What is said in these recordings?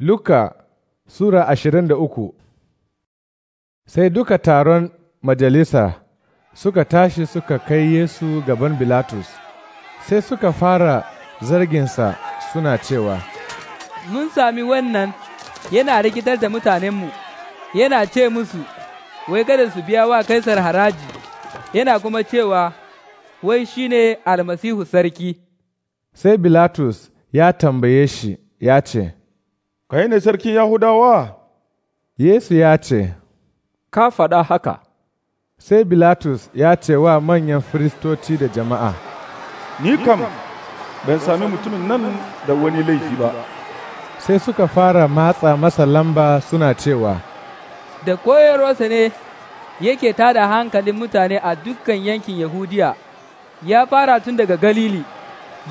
Luka Sura ashirin da uku Sai duka taron majalisa suka tashi suka kai Yesu gaban Bilatus, sai suka fara zarginsa suna cewa, Mun sami wannan yana rikitar da mutanenmu, yana ce musu, wai kada su biya wa Kaisar haraji, yana kuma cewa, wai shi ne almasihu sarki. Sai Bilatus ya tambaye shi, ya ce, kai ne sarkin Yahudawa? Yesu ya ce, Ka faɗa haka. Sai Bilatus ya ce wa manyan firistoci da jama'a, Ni kam, ban sami mutumin nan da wani laifi ba. Sai suka fara matsa masa lamba suna cewa, Da koyarwarsa ne yake tada hankalin mutane a dukkan yankin Yahudiya, ya fara tun daga Galili,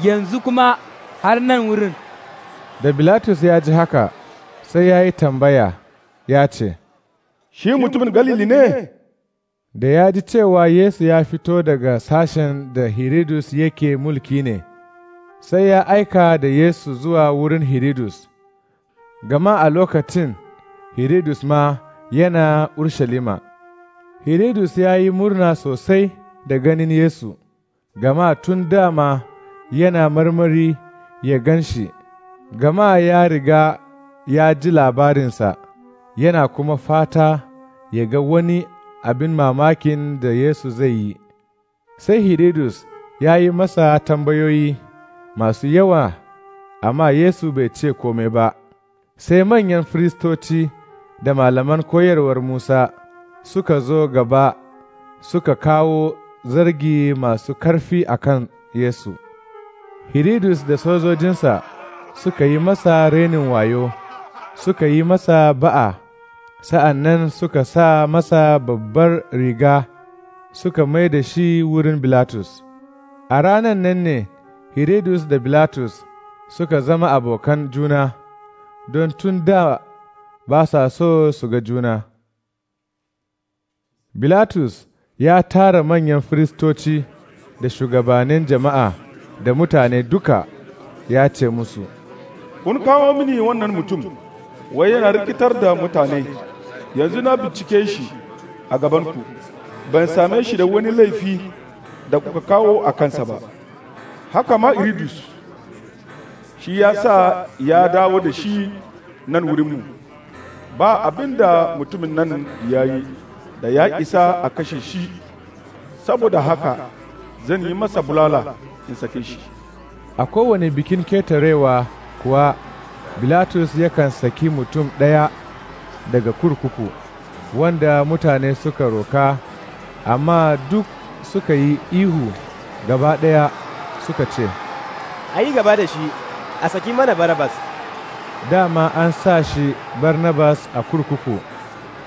yanzu kuma har nan wurin. Da Bilatus ya ji haka, sai ya yi tambaya, ya ce, Shi mutumin Galili ne? Da ya ji cewa Yesu ya fito daga sashen da Hiridus yake mulki ne, sai ya aika da Yesu zuwa wurin Hiridus, gama a lokacin Hiridus ma yana Urshalima. Hiridus ya yi murna sosai da ganin Yesu, gama tun dama yana marmari ya gan shi. gama ya riga ya ji labarinsa, yana kuma fata ya ga wani abin mamakin da Yesu zai yi. Sai Hiridus ya yi masa tambayoyi masu yawa, amma Yesu bai ce kome ba, sai manyan firistoci da malaman koyarwar Musa suka zo gaba suka kawo zargi masu karfi a kan Yesu. Hiridus da sojojinsa suka yi masa renin wayo, suka yi masa ba'a, sa'an nan suka sa masa babbar riga suka mai da shi wurin Bilatus. A ranan nan ne, Hiridus da Bilatus suka zama abokan juna, don tun da ba sa so su ga juna. Bilatus ya tara manyan firistoci da shugabanin jama'a da mutane duka ya ce musu, kun kawo mini wannan mutum wai yana rikitar da mutane yanzu na bincike shi a gabanku ban same shi da wani laifi da kuka kawo a kansa ba haka ma iridus shi ya sa ya dawo da shi nan wurinmu ba abin da mutumin nan ya yi da ya isa a kashe shi saboda haka zan yi masa bulala in sake shi a kowane bikin ketarewa kuwa Bilatus yakan saki mutum ɗaya daga kurkuku wanda mutane suka roka, amma duk suka yi ihu gaba ɗaya suka ce, A yi gaba da shi, a saki mana Barabas. Dama an sa shi Barnabas a kurkuku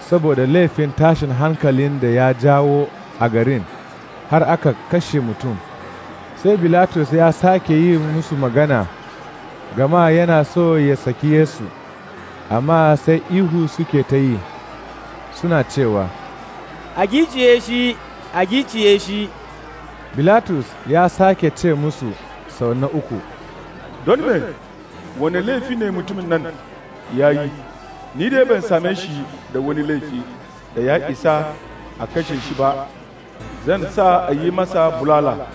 saboda laifin tashin hankalin da ya jawo a garin har aka kashe mutum. Sai Bilatus ya sake yi musu magana. gama yana so ya saki Yesu, amma sai ihu suke ta yi, suna cewa, A giciye shi, a giciye shi. Bilatus ya sake ce musu sau na uku, Don me, wani laifi ne mutumin nan ya yi, ni dai ban same shi da wani laifi da ya isa a kashe shi ba, zan sa a yi masa bulala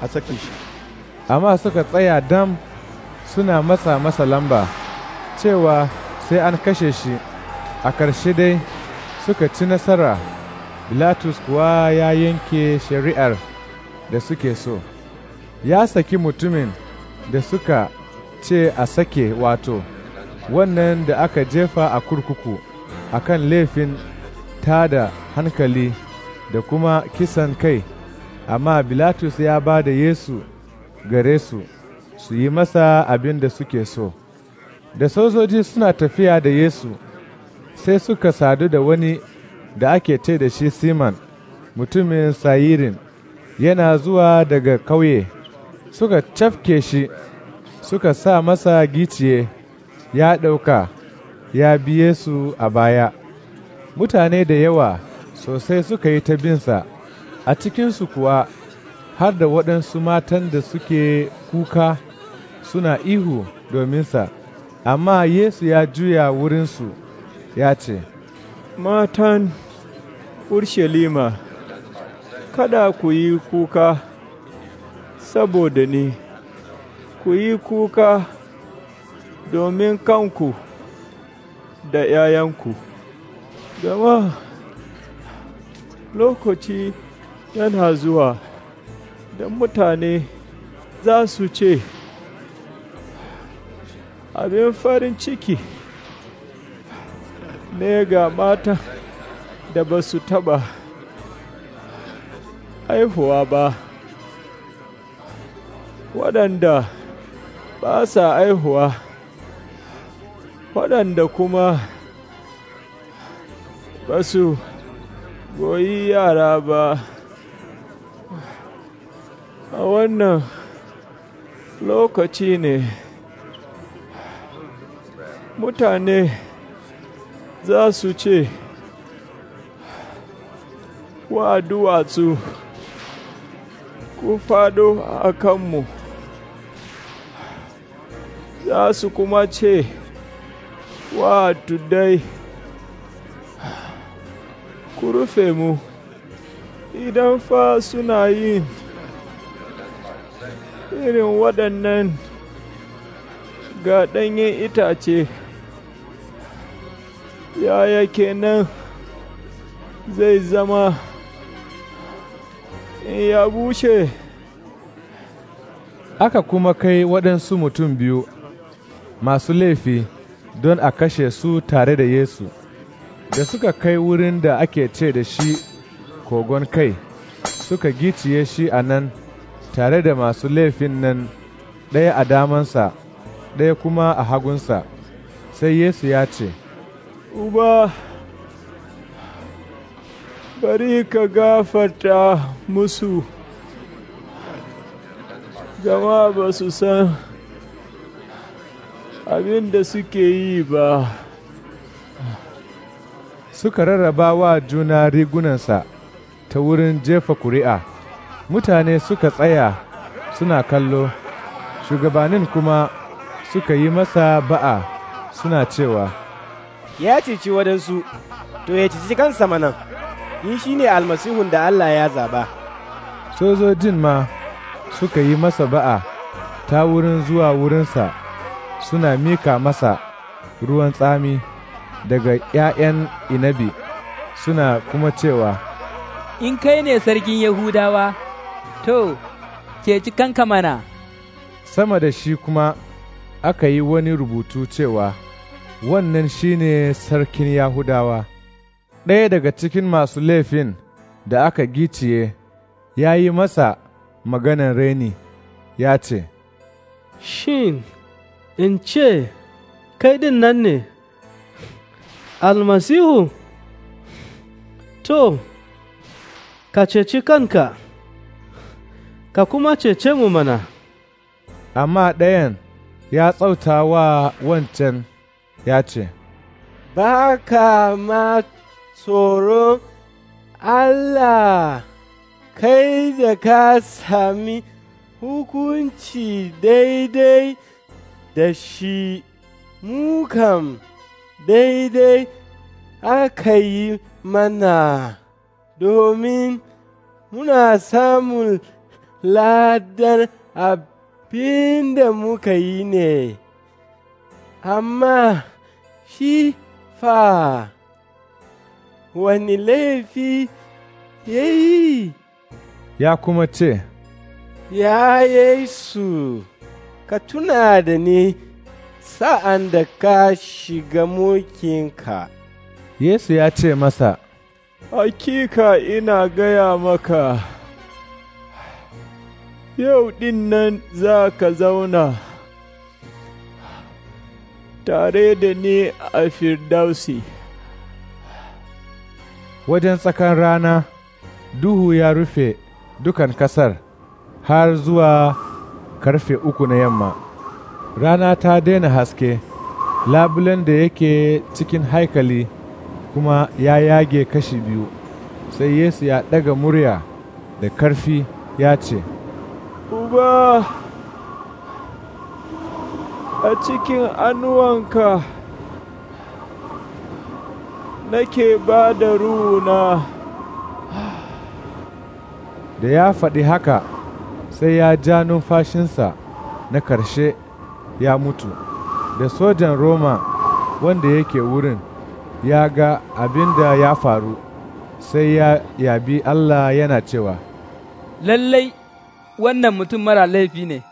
a sake shi. Amma suka tsaya dam suna matsa masa lamba cewa sai an kashe shi a ƙarshe dai suka ci nasara Bilatus kuwa ya yanke shari'ar da suke so ya saki mutumin da suka ce a sake wato wannan da aka jefa a kurkuku a kan laifin tada hankali da kuma kisan kai amma Bilatus ya ba da Yesu gare su su yi masa abin da suke so. Da sojoji suna tafiya da Yesu, sai suka sadu da wani da ake ce da shi Siman, mutumin Sayirin, yana zuwa daga kauye. Suka cafke shi, suka sa masa giciye, ya ɗauka, ya biye su a baya. Mutane da yawa sosai suka yi ta binsa, a cikinsu kuwa har da waɗansu matan da suke kuka suna ihu dominsa, amma Yesu ya juya wurinsu ya ce, Matan Urshelima, kada ku yi kuka saboda ni, ku yi kuka domin kanku da ’ya'yanku, gama lokaci yana zuwa da mutane za su ce, abin farin ciki ne ga mata da ba su taɓa haihuwa ba waɗanda ba sa haihuwa waɗanda kuma ba su goyi yara ba a wannan lokaci ne mutane za su ce wa duwatsu ku fado a kanmu za su kuma ce wa tuddai ku rufe mu idan fa suna yin irin waɗannan ga ɗanyen itace yaya kenan zai zama in ya bushe aka kuma kai waɗansu mutum biyu masu laifi don a kashe su tare da Yesu, da suka kai wurin da ake ce da shi kogon kai, suka giciye shi a nan tare da masu laifin nan ɗaya a damansa, ɗaya kuma a hagunsa, sai Yesu ya ce, uba bari ka gafarta musu gama ba su san abin da suke yi ba suka rarraba wa juna rigunansa ta wurin jefa kuri'a mutane suka tsaya suna kallo shugabannin kuma suka yi masa ba'a suna cewa ya cici waɗansu to ya cici kansa manan yi shi ne almasihun da Allah ya zaba sojojin ma suka yi masa ba'a ta wurin zuwa wurinsa suna mika masa ruwan tsami daga ‘ya'yan inabi suna kuma cewa in kai ne sarkin yahudawa to ceci kanka mana sama da shi kuma aka yi wani rubutu cewa wannan shine sarkin Yahudawa, ɗaya daga cikin masu laifin da aka giciye ya yi masa maganan reni ya ce, Shin, in ce, kai din nan ne, almasihu, to, ka ceci kanka, ka kuma cece mu mana. Amma ɗayan ya tsauta wa wancan. ya ce, Ba ka ma tsoron Allah kai da ka sami hukunci daidai da shi mu kam daidai aka yi mana domin muna samun ladar abin da muka yi ne amma shi fa wani laifi ya yi ya kuma ce ya yesu ka tuna da ni sa'an da ka shiga mulkinka yesu ya ce masa hakika ina gaya maka yau ɗin nan za ka zauna tare da ni a firdausi. Wajen tsakan rana, duhu ya rufe dukan ƙasar, har zuwa karfe uku na yamma. Rana ta daina haske, labulen da yake cikin haikali kuma ya yage kashi biyu, sai Yesu ya ɗaga murya da karfi ya ce, Uba! a cikin annuwanka nake ba da runa da ya faɗi haka sai ya ja numfashinsa na ƙarshe ya mutu da sojan roma wanda yake wurin ya ga abin da ya faru sai ya yabi allah yana cewa lallai wannan mutum mara laifi ne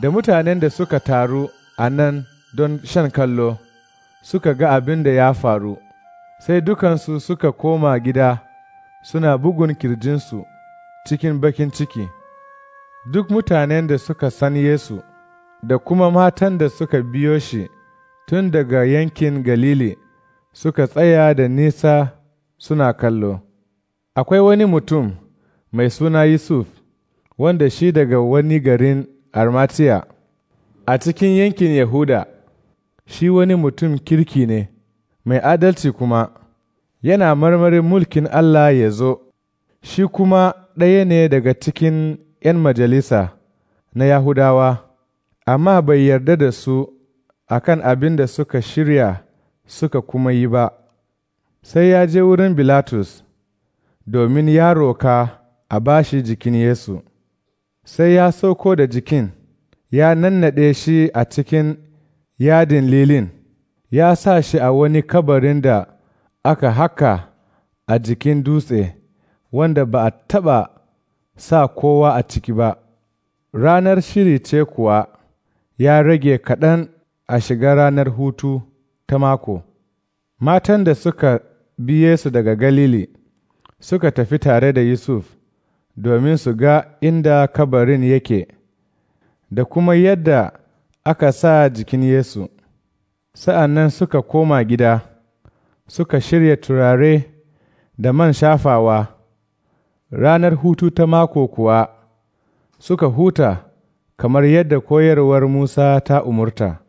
da mutanen da suka taru a nan don shan kallo, suka ga abin da ya faru, sai dukansu suka koma gida suna bugun kirjinsu cikin bakin ciki. Duk mutanen da suka san Yesu da kuma matan da suka biyo shi tun daga yankin Galili suka tsaya da nisa suna kallo. Akwai wani mutum mai suna Yusuf, wanda shi daga wani garin Armatiya. A cikin yankin Yahuda, shi wani mutum kirki ne, mai adalci kuma, yana marmarin mulkin Allah ya zo, shi kuma ɗaya ne daga cikin ’yan majalisa na Yahudawa, amma bai yarda da su a kan abin da suka shirya suka kuma yi ba, sai ya je wurin Bilatus domin ya roka a bashi jikin Yesu, sai ya sauko da jikin. ya nannaɗe shi a cikin yadin lilin, ya sa shi a wani kabarin da aka haka a jikin dutse, wanda ba a taɓa sa kowa a ciki ba. Ranar shiri ce kuwa ya rage kaɗan a shiga ranar hutu ta mako. Matan da suka biye su daga Galili suka tafi tare da Yusuf domin su ga inda kabarin yake. da kuma yadda aka sa jikin Yesu. Sa'an nan suka koma gida, suka shirya turare da man shafawa, ranar hutu ta mako kuwa suka huta kamar yadda koyarwar Musa ta umurta.